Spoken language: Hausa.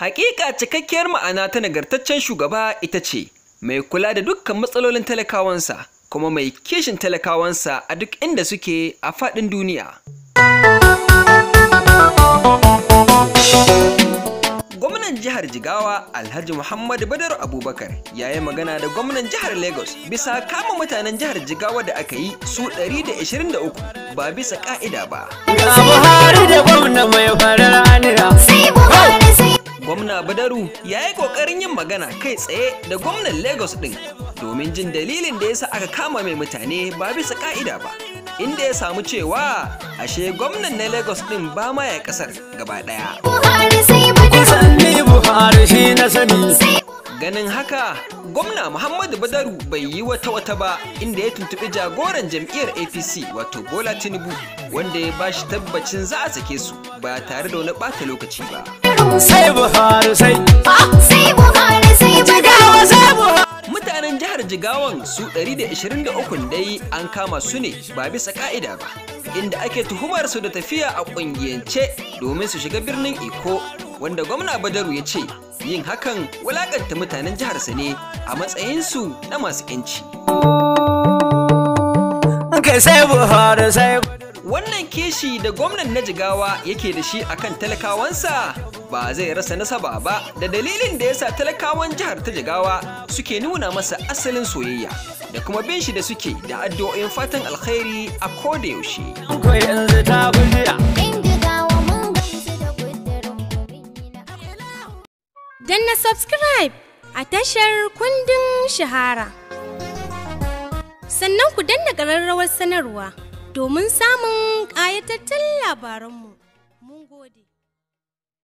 Hakika cikakkiyar ma'ana ta nagartaccen shugaba ita ce mai kula da dukkan matsalolin talakawansa kuma mai kishin talakawansa a duk inda suke a faɗin duniya. Gwamnan jihar Jigawa Alhaji Muhammadu Badar Abubakar ya yi magana da gwamnan jihar Lagos bisa kama mutanen jihar Jigawa da aka yi su 123 ba bisa ka'ida ba. Ga Buhari da gwamna mai ranar anira. Haruna badaru ya yi ƙoƙarin yin magana kai tsaye da gwamnan lagos ɗin domin jin dalilin da ya sa aka kama mai mutane ba bisa ƙa'ida ba inda ya samu cewa ashe gwamnan na lagos ɗin ba ma ya ƙasar gaba ɗaya ganin haka gwamna muhammadu badaru bai yi wata wata ba inda ya tuntuɓi jagoran jam'iyyar apc wato bola tinubu wanda ya bashi tabbacin za a sake su ba tare da wani ɓata lokaci ba sai buhari sai ah, sai buhari mutanen jihar jigawan su 123 dai an kama su ne ba bisa ka'ida ba inda ake tuhumar su da tafiya a kungiyance domin su shiga birnin iko wanda gwamna badaru ya ce yin hakan wulaƙanta mutanen jihar sa ne a matsayinsu na masu 'yanci. Wannan keshi da gwamnan na jigawa yake da shi akan talakawansa ba zai rasa nasaba ba da dalilin da yasa talakawan jihar ta jigawa suke nuna masa asalin soyayya da kuma bin shi da suke da addu'o'in fatan alkhairi a kodayaushe. Dan na subscribe a tashar kundin shahara. Sannan ku danna ƙararrawar sanarwa domin samun ƙayatattun labaranmu. Mun gode.